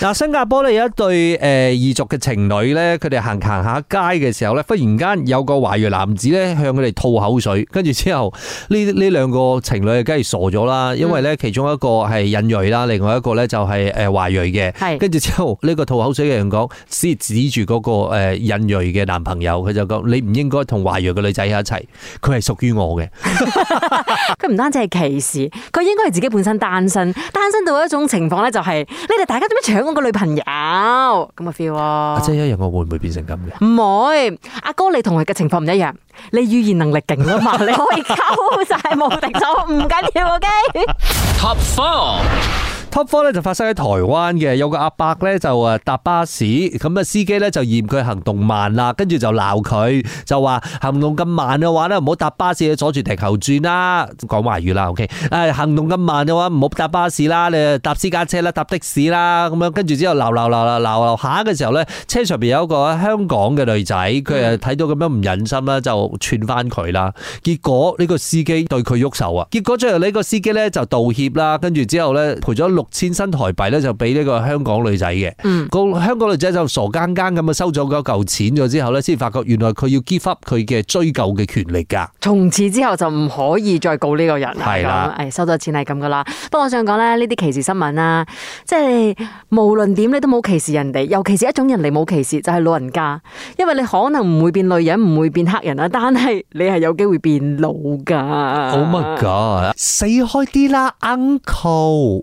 嗱，新加坡咧有一對誒異族嘅情侶咧，佢哋行行下街嘅時候咧，忽然間有個華裔男子咧向佢哋吐口水，跟住之後呢呢兩個情侶梗係傻咗啦，因為咧其中一個係印裔啦，另外一個咧就係誒華裔嘅，跟住之後呢個吐口水嘅人講，先指住嗰個誒印裔嘅男朋友，佢就講：你唔應該同華裔嘅女仔喺一齊，佢係屬於我嘅。佢唔單止係歧視，佢應該係自己本身單身，單身到一種情況咧、就係，就係你哋大家點樣搶？個女朋友咁嘅、那個、feel 啊！阿姐，姐一樣，我會唔會變成咁嘅？唔會，阿哥，哥你同佢嘅情況唔一樣，你語言能力勁啊嘛， 你可以溝晒無敵手，唔緊 要嘅。Okay? Top four。Top Four 咧，就發生喺台灣嘅，有個阿伯咧就誒搭巴士，咁啊司機咧就嫌佢行動慢啦，跟住就鬧佢，就話行動咁慢嘅話咧唔好搭巴士，阻住地球轉啦，講華語啦，OK，誒行動咁慢嘅話唔好搭巴士啦，你搭私家車啦，搭的士啦，咁樣跟住之後鬧鬧鬧啦鬧鬧下嘅時候咧，車上邊有一個香港嘅女仔，佢啊睇到咁樣唔忍心啦，就串翻佢啦，結果呢個司機對佢喐手啊，結果最後呢個司機咧就道歉啦，跟住之後咧賠咗。六千新台幣咧就俾呢個香港女仔嘅，個、嗯、香港女仔就傻更更咁啊收咗嗰嚿錢咗之後咧，先發覺原來佢要 give up 佢嘅追究嘅權力噶、啊。從此之後就唔可以再告呢個人係啦，誒的、哎、收咗錢係咁噶啦。不過我想講咧，呢啲歧視新聞啦，即係無論點你都冇歧視人哋，尤其是一種人嚟冇歧視就係、是、老人家，因為你可能唔會變女人，唔會變黑人啊，但係你係有機會變老噶。Oh my God！死開啲啦，uncle！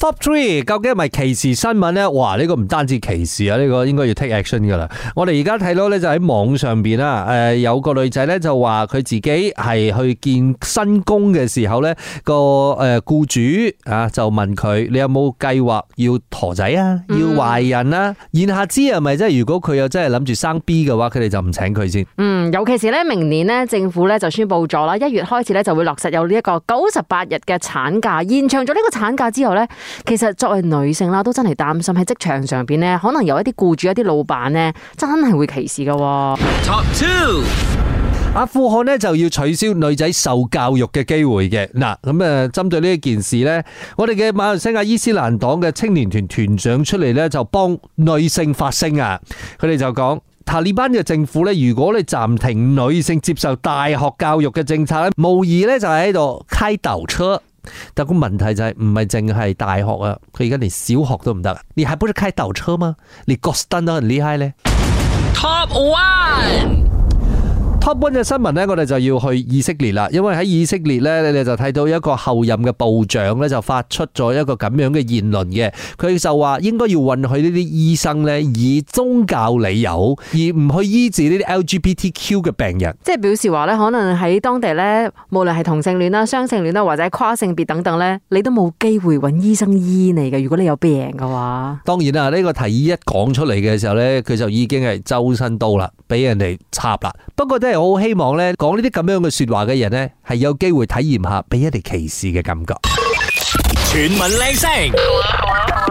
Top three 究竟係咪歧視新聞呢？哇！呢、呢個唔單止歧視啊，呢、呢個應該要 take action 噶啦。我哋而家睇到咧就喺網上邊啦。誒、呃，有個女仔咧就話佢自己係去見新工嘅時候呢個誒僱主啊就問佢：你有冇計劃要陀仔啊？要懷孕啊？嗯、現下知係咪即係如果佢又真係諗住生 B 嘅話，佢哋就唔請佢先。嗯，尤其是咧，明年呢，政府咧就宣布咗啦，一月開始咧就會落實有呢一個九十八日嘅產假，延長咗呢個產假之後呢。其實作為女性啦，都真係擔心喺職場上邊咧，可能有一啲僱主、一啲老闆咧，真係會歧視噶喎。Top two，阿富汗咧就要取消女仔受教育嘅機會嘅嗱，咁啊，嗯、針對呢一件事咧，我哋嘅馬來西亞伊斯蘭黨嘅青年團團長出嚟咧就幫女性發聲啊，佢哋就講，塔利班嘅政府咧，如果你暫停女性接受大學教育嘅政策咧，無疑咧就係喺度開倒車。但個問題就係唔係淨係大學啊，佢而家連小學都唔得，你還不是開倒車嗎？你 get s t u 都很厲害呢？Top one。Top One 嘅新聞咧，我哋就要去以色列啦。因為喺以色列咧，你哋就睇到一個后任嘅部長咧，就發出咗一個咁樣嘅言論嘅。佢就話應該要允許呢啲醫生咧，以宗教理由而唔去醫治呢啲 LGBTQ 嘅病人。即係表示話咧，可能喺當地咧，無論係同性戀啦、雙性戀啦，或者跨性別等等咧，你都冇機會揾醫生醫你嘅。如果你有病嘅話，當然啦，呢個提議一講出嚟嘅時候咧，佢就已經係周身刀啦。俾人哋插啦，不過都係，我好希望咧，講呢啲咁樣嘅說話嘅人咧，係有機會體驗下俾人哋歧視嘅感覺。全民靚聲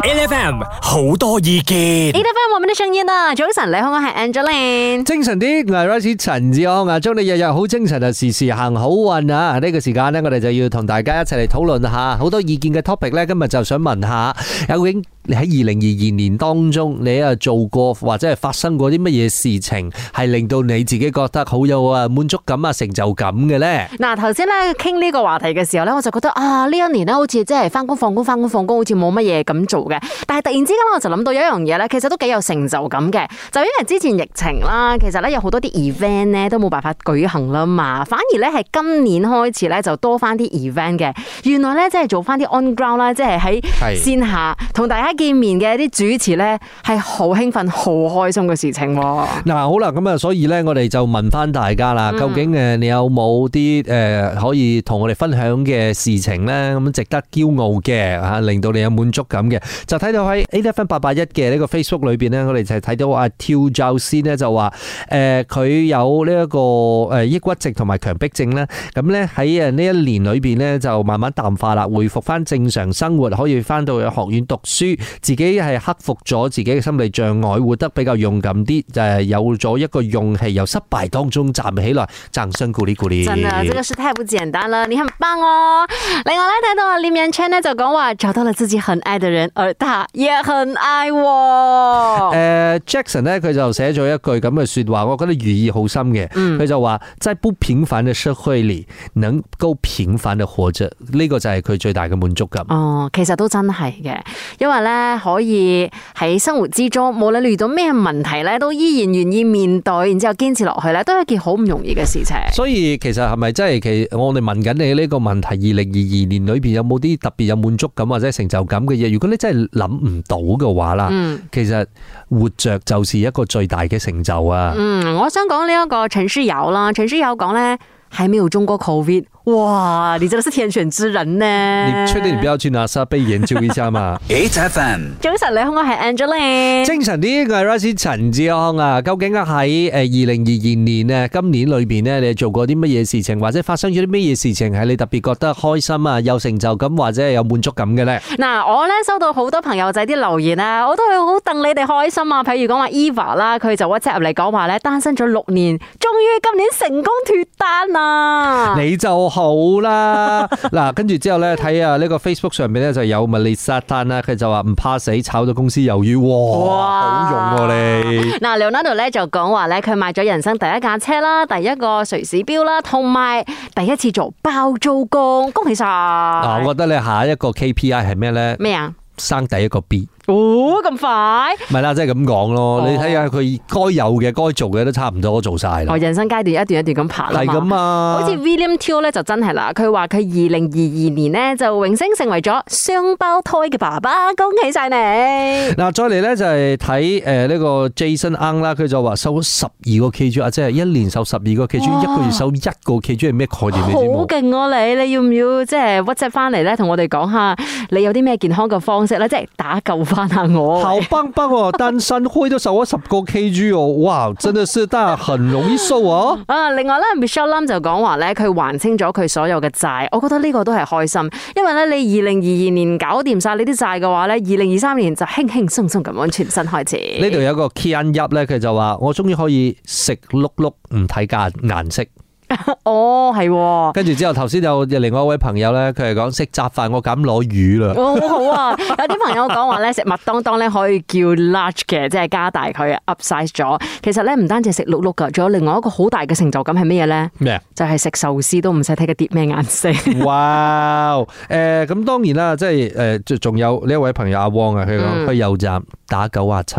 ，L F M 好多意見，L F M 我哋嘅聲音啊，早晨你好，我係 Angeline，精神啲，來自陳志安啊，祝你日日好精神啊，時時行好運啊！呢個時間咧，我哋就要同大家一齊嚟討論下好多意見嘅 topic 咧，今日就想問下阿永。你喺二零二二年當中，你啊做過或者係發生過啲乜嘢事情，係令到你自己覺得好有啊滿足感啊成就感嘅咧？嗱，頭先咧傾呢個話題嘅時候咧，我就覺得啊呢一年咧，好似即係翻工放工翻工放工，好似冇乜嘢咁做嘅。但係突然之間我就諗到一樣嘢咧，其實都幾有成就感嘅，就因為之前疫情啦，其實咧有好多啲 event 咧都冇辦法舉行啦嘛，反而咧係今年開始咧就多翻啲 event 嘅。原來咧即係做翻啲 on ground 啦，即係喺線下同是大家。見面嘅一啲主持咧，係好興奮、好開心嘅事情。嗱、 啊，好啦，咁啊，所以咧，我哋就問翻大家啦，究竟誒，你有冇啲誒可以同我哋分享嘅事情咧？咁值得驕傲嘅吓、啊，令到你有滿足感嘅，就睇到喺 A T F 八八一嘅呢個 Facebook 裏邊咧，我哋就睇到阿跳罩先呢，就、呃、話，誒，佢有呢一個誒抑鬱症同埋強迫症啦。咁咧喺誒呢一年裏邊咧，就慢慢淡化啦，回復翻正常生活，可以翻到去學院讀書。自己係克服咗自己嘅心理障礙，活得比較勇敢啲，就誒有咗一個勇氣，由失敗當中站起來，掌聲鼓勵鼓勵。真的，呢、這個是太不簡單了，你很棒哦。另外喺《泰圖》裏面 China 就講話找到了自己很愛的人，而他也很愛我。誒、呃、Jackson 呢，佢就寫咗一句咁嘅説話，我覺得寓意好深嘅。佢、嗯、就話：即係不平凡嘅社會裏，能夠平凡地活着，呢、這個就係佢最大嘅滿足感。哦，其實都真係嘅，因為咧。可以喺生活之中，無論你遇到咩問題咧，都依然願意面對，然之後堅持落去咧，都係一件好唔容易嘅事情。所以其實係咪真係其實我哋問緊你呢個問題？二零二二年裏邊有冇啲特別有滿足感或者成就感嘅嘢？如果你真係諗唔到嘅話啦，嗯，其實活着就是一個最大嘅成就啊！嗯，我想講呢一個陳書友啦，陳書友講呢。還沒有中過 Covid，哇！你真係是天選之人呢！你確定你不要去拿沙貝研究一下嘛？HFM， 精神嚟，我係 Angelina，精神呢我係 Rose 陳志康啊！究竟喺誒二零二二年咧，今年裏邊咧，你做過啲乜嘢事情，或者發生咗啲乜嘢事情，係你特別覺得開心啊、有成就感或者有滿足感嘅咧？嗱、啊，我咧收到好多朋友仔啲留言啊，我都好戥你哋開心啊！譬如講話 Eva 啦，佢就 WhatsApp 入嚟講話咧，單身咗六年，終於今年成功脫單。啦，你就好啦。嗱，跟住之後咧，睇下呢個 Facebook 上面咧就有物利沙丹啦，佢就話唔怕死，炒咗公司魷魚。哇，哇好勇喎你！嗱、啊、Leonardo 咧就講話咧，佢買咗人生第一架車啦，第一個瑞士表啦，同埋第一次做包租公，恭喜晒！啊，我覺得你下一個 KPI 係咩咧？咩啊麼？生第一個 B。哦，咁快，唔係啦，即係咁講咯。哦、你睇下佢該有嘅、該做嘅都差唔多做晒啦。哦，人生階段一段一段咁爬啦，係咁啊。好似 William Tio 咧就真係啦，佢話佢二零二二年呢，就榮升成為咗雙胞胎嘅爸爸，恭喜晒你！嗱、啊，再嚟咧就係睇誒呢個 Jason Ang 啦，佢就話收十二個 K G，即係一年收十二個 K G，哇一個月收一個 K G，係咩概念？哇你好勁啊！你你要唔要即係 WhatsApp 翻嚟咧，同、就是、我哋講下你有啲咩健康嘅方式咧？即係打救。.睇下我頭崩崩哦， 單身會都受咗十個 KG 哦，哇，真的是但係很容易瘦啊！啊，另外咧，Michelle Lam 就講話咧，佢還清咗佢所有嘅債，我覺得呢個都係開心，因為咧你二零二二年搞掂晒呢啲債嘅話咧，二零二三年就輕輕鬆鬆咁樣全新開始。呢度有個 Key Up 咧，佢就話我終於可以食碌碌唔睇價顏色。哦，係、哦。跟住之後，頭先有另外一位朋友咧，佢係講食雜飯，我敢攞魚啦、哦。好好，好啊，有啲朋友講話咧，食麥 當當咧可以叫 large 嘅，即係加大佢，upsize 咗。其實咧，唔單止食碌碌噶，仲有另外一個好大嘅成就感係咩嘢咧？咩麼就係食壽司都唔使睇個碟咩顏色。哇！誒、呃，咁當然啦，即係誒，仲有呢一位朋友阿汪啊，佢講佢油站打九啊七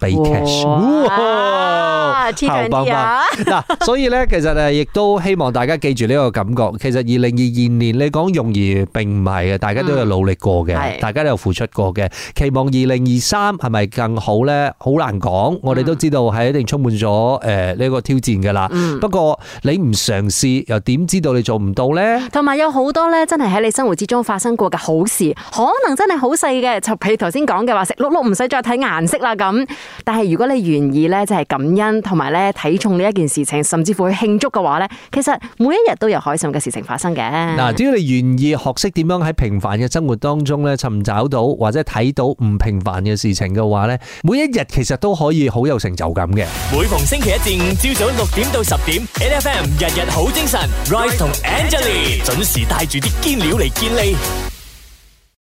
俾 cash 哇。頭崩崩嗱，所以咧，其實誒，亦都希望大家記住呢個感覺。其實二零二二年你講容易，並唔係嘅，大家都有努力過嘅，大家都有付出過嘅。期望二零二三係咪更好咧？好難講。我哋都知道係一定充滿咗誒呢個挑戰噶啦。不過你唔嘗試，又點知道你做唔到咧？同埋有好多咧，真係喺你生活之中發生過嘅好事，可能真係好細嘅，就譬如頭先講嘅話，食碌碌唔使再睇顏色啦咁。但係如果你願意咧，就係感恩同。同埋咧，睇重呢一件事情，甚至乎去慶祝嘅話咧，其實每一日都有開心嘅事情發生嘅。嗱，只要你願意學識點樣喺平凡嘅生活當中咧，尋找到或者睇到唔平凡嘅事情嘅話咧，每一日其實都可以好有成就感嘅。每逢星期一至五，朝早六點到十點，NFM 日日好精神，Right 同 Angelie 準時帶住啲堅料嚟建立。